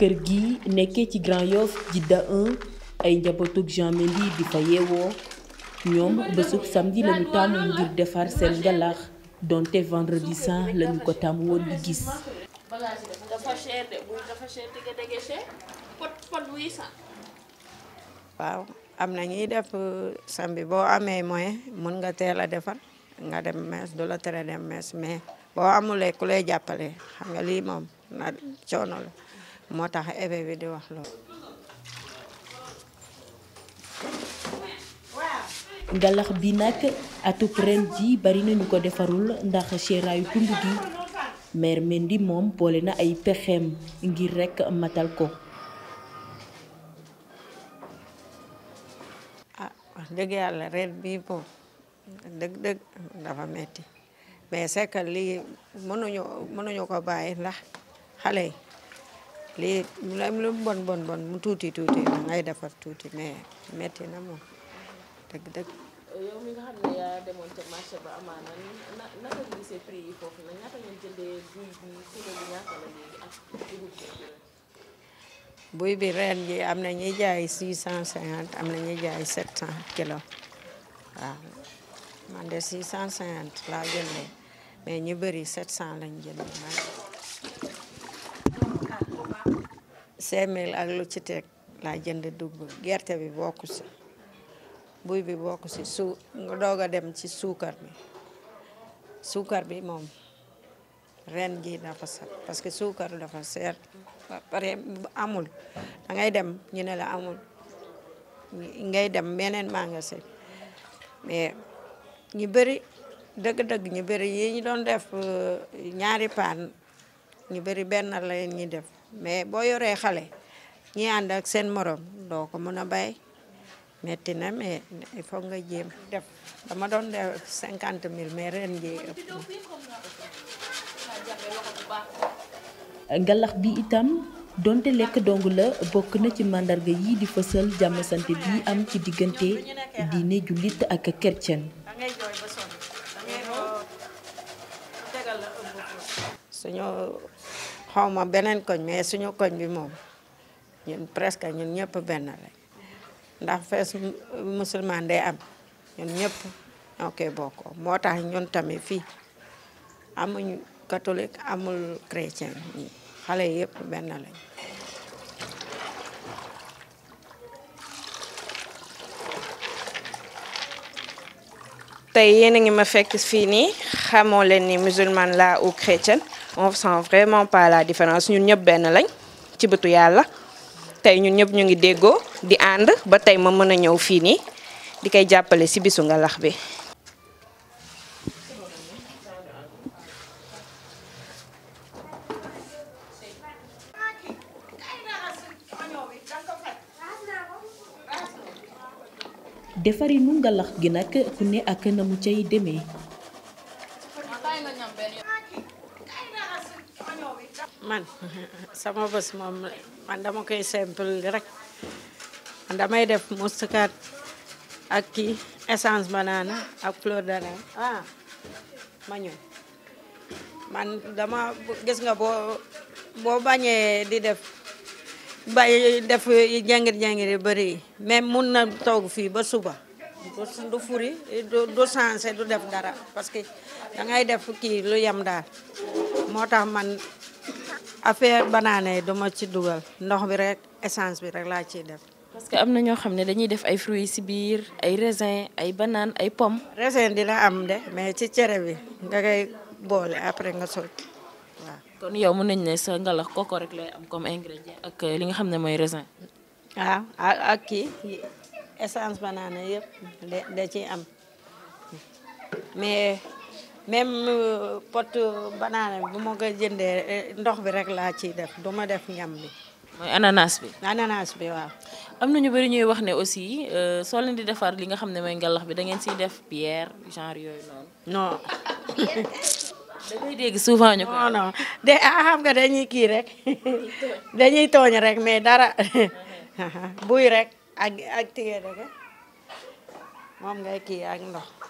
kër gi nekkee ci Grand Yoff Jidda 1 ay njabootug Jean Mendy di fa yeewoo ñoom bésub samedi lañu tàmm ngir defar seen galax donte vendredi saint lañu ko tàmm woon di gis. waaw am na ñuy def euh, sambi boo amee moyen mën nga teel a defar nga dem mees du la tere dem mees mais boo amulee ku lay jàppale xam nga lii moom na coono la. motax ebe bi di wax lo galax bi nak atub prene ji bari nañu ko defarul ndax cheray kundu gi mer mendi mom boole ay pexem ngir rek matal ko. Ah, deug yalla red bi bo deug deug dafa metti mais c'est que li mënuñu mënuñu ko baye ndax xalé lii lu bon bon bon mu tuuti tuuti da ngay defar tuuti mais metti na moom dëgg dëgg. buy bi kilo ren ji am na ñuy jaay 650 am na ñuy jaay 700 kilo waaw man de 650 laa jëndee mais ñu bëri 700 lañ jëndee man. 5000 ak lu ci teg laa jënd dugg gerte bi bokku buy bi bokku si su nga doog a dem ci suukar bi suukar bi moom ren ji dafa sax parce que suukar dafa seer pare amul da ngay dem ñu ne la amul ngay dem beneen magasin mais ñu bëri dëgg-dëgg ñu bëri yi ñu doon def euh, ñaari paan ñu bëri benn la leen ñuy def me boyo re xale ñi and ak seen morom do ko bay metti na me il faut nga jëm def dama don de 50000 me ya, ren jii galax bi itam donte lek dong la bok na ci mandarga yi di fësal jamm sante bi am ci di ne julit ak kercen suñu xawma benen koñ mais suñu koñ bi mom ñun presque ñun ñëpp ben lañ ndax fess musulman day am ñun ñëpp ok boko motax ñun tamit fi amuñ catholique amul chrétien xalé yépp ben lañ tey yéen a ngi ma fekk fi ni xamoo ni musulman la ou chrétienne on sent vraiment pas la différence ñun ñëp ben lañ ci bëtu yalla tay ñun ñëp ñu ngi déggo di and ba tay ma mëna ñëw fi ni di kay jappalé si bisu nga lax bi defari nu gi nak ku ne ak na mu cey demee man sama bos mom man dama koy simple rek man damay def moustakat ak ki essence banana ak fleur d'ananas ah ma man dama gis nga bo bo bañé di def bay def jàngir jàngir yu même mun na togg fi ba suba do sundu furi eh, do sansé do def dara parce que da ngay def ki lu yam daal motax man affaire banaana yi ci dugal ndox bi rek essence bi rek laa ciy def. parce que am na ñoo xam ne dañuy def ay fruits si biir ay raisin ay banaan ay pomme. raisin dina am de mais ci cere bi nga koy boole après nga sol waaw. kon yow mën nañ ne sa ngalax koko rek lay am comme ingrédient ak euh, li nga xam ne mooy raisin. waaw ah, ak kii essence banaana yëpp da da am mais. même euh, pot euh, banaana bi bu ma ko jëndee eh, ndox bi rek laa ciy def du ma def ñam bi. mooy ananas bi. ananas bi waaw. am na ñu bëri ñuy wax ne aussi euh, soo leen di defar li nga xam ne mooy ngalax bi da ngeen siy def bière genre yooyu noonu. non. da dégg souvent ñu ko. non de ah, xam nga dañuy kii rek dañuy tooñ rek mais dara buy rek ak ak tige rek eh. moom ngay kii ak ndox.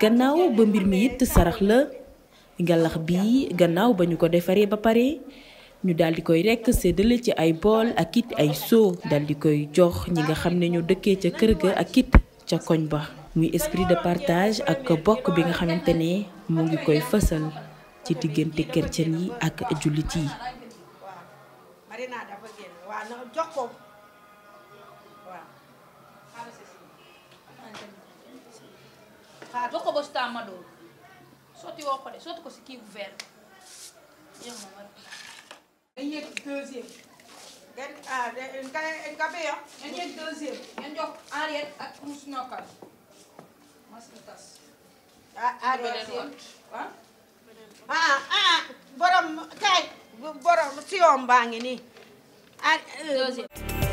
gannaaw ba mbir mi it sarax la ngalax bi gannaaw ba ñu ko defaree ba pare ñu daldi koy rekk séddale ci ay bool ak it ay soo daal di koy jox ñi nga xam ne ñoo dëkkee ca kër ga ak it ca koñ ba muy esprit de partage ak bokk bi nga xamante ne mu ngi koy fësal ci diggante chrétien yi ak jullit yi vou to ko ɓostaa só ɗoo soti woo só de soti ko si kiigu veer yemma wara en yeg deuxiéme gen en ka en ka ɓeyo en yeg deuxiéme en jox arrière ak mous nokkal maske tas arrière ah ah borom kay borom siyom baa ngi né? nii ah, eh. deuxiéme